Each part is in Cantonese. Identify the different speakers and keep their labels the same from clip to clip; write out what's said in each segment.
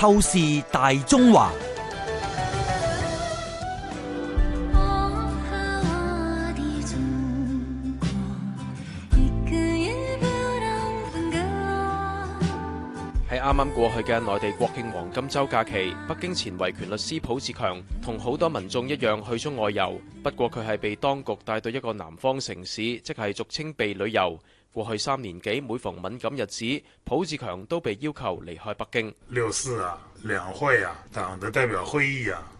Speaker 1: 透視大中華。啱啱過去嘅內地國慶黃金周假期，北京前維權律師浦志強同好多民眾一樣去咗外遊，不過佢係被當局帶到一個南方城市，即係俗稱被旅遊。過去三年幾每逢敏感日子，浦志強都被要求離開北京。
Speaker 2: 六四啊，
Speaker 1: 兩會啊，
Speaker 2: 黨的代表會議啊。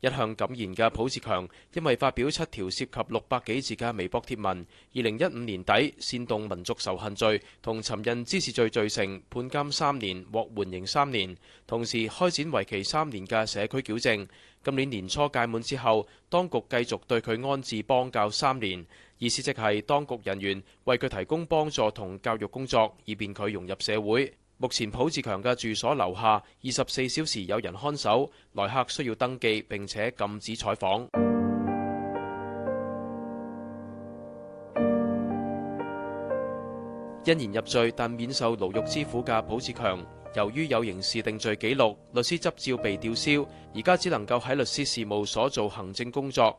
Speaker 2: 一向敢言
Speaker 1: 嘅浦志強，因為發表七條涉及六百幾字嘅微博貼文，二零一五年底煽動民族仇恨罪同尋釁滋事罪罪成，判監三年獲緩刑三年，同時開展為期三年嘅社區矯正。今年年初屆滿之後，當局繼續對佢安置幫教三年，意思即係當局人員為佢提供幫助同教育工作，以便佢融入社會。目前，浦志強嘅住所樓下二十四小時有人看守，來客需要登記，並且禁止採訪。 因言入罪但免受牢獄之苦嘅浦志強，由於有刑事定罪記錄，律師執照被吊銷，而家只能夠喺律師事務所做行政工作。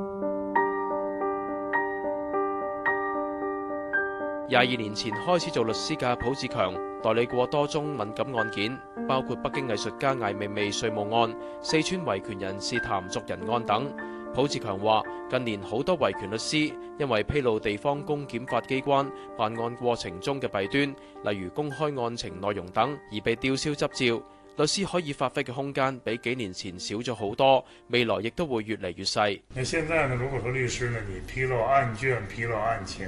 Speaker 1: 廿二年前開始做律師嘅浦志強代理過多宗敏感案件，包括北京藝術家艾未未稅務案、四川維權人士譚作人案等。浦志強話：近年好多維權律師因為披露地方公檢法機關辦案過程中嘅弊端，例如公開案情內容等，而被吊銷執照。律師可以發揮嘅空間比幾年前少咗好多，未來亦都會越嚟越細。
Speaker 2: 你現在呢？如果說律師呢，你披露案卷、披露案情？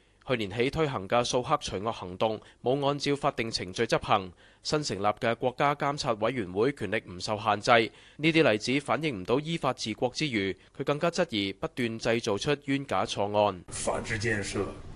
Speaker 1: 去年起推行嘅掃黑除惡行動冇按照法定程序執行，新成立嘅國家監察委員會權力唔受限制，呢啲例子反映唔到依法治國之餘，佢更加質疑不斷製造出冤假錯案。
Speaker 2: 法制建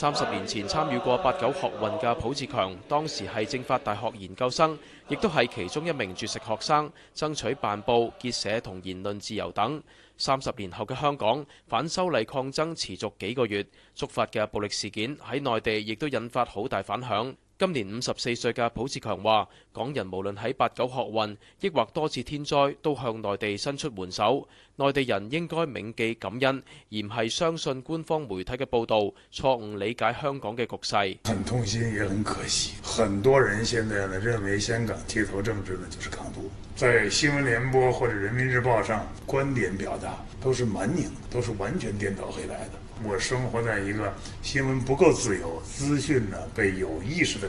Speaker 1: 三十年前參與過八九學運嘅浦志強，當時係政法大學研究生，亦都係其中一名絕食學生，爭取辦報、結社同言論自由等。三十年後嘅香港反修例抗爭持續幾個月，觸發嘅暴力事件喺內地亦都引發好大反響。今年五十四歲嘅浦志強話，港人無論喺八九學運，抑或多次天災，都向內地伸出援手。內地人應該銘記感恩，而唔係相信官方媒體嘅報道，錯誤理解香港嘅局勢。
Speaker 2: 很痛心，也很可惜。很多人現在呢認為香港街頭政治呢就是港獨。在新聞聯播或者《人民日報》上，觀點表達都是蠻謬，都是完全顛倒黑白的。我生活在一個新聞不夠自由，資訊呢被有意識的。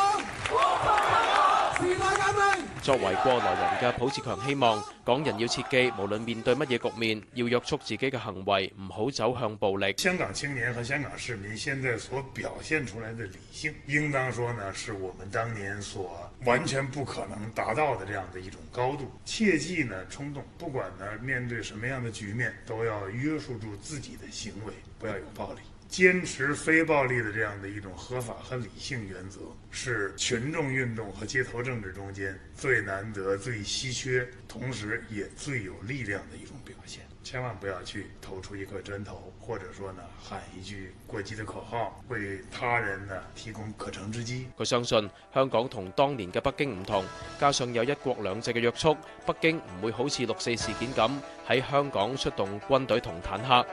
Speaker 1: 作為過來人嘅浦志強希望，港人要切記，無論面對乜嘢局面，要約束自己嘅行為，唔好走向暴力。香港
Speaker 2: 青年和香港市民現在所表現出來的理性，應當說呢，是我們當年所完全不可能達到的這樣的一種高度。切忌呢，衝動，不管呢面對什麼樣的局面，都要約束住自己的行為，不要有暴力。堅持非暴力的這樣的一種合法和理性原則，是群眾運動和街頭政治中間最難得、最稀缺，同時也最有力量的一種表現。千萬不要去投出一顆磚頭，或者說呢喊一句過激的口號，為他人呢提供可乘之機。
Speaker 1: 佢相信香港同當年嘅北京唔同，加上有一國兩制嘅約束，北京唔會好似六四事件咁喺香港出動軍隊同坦克。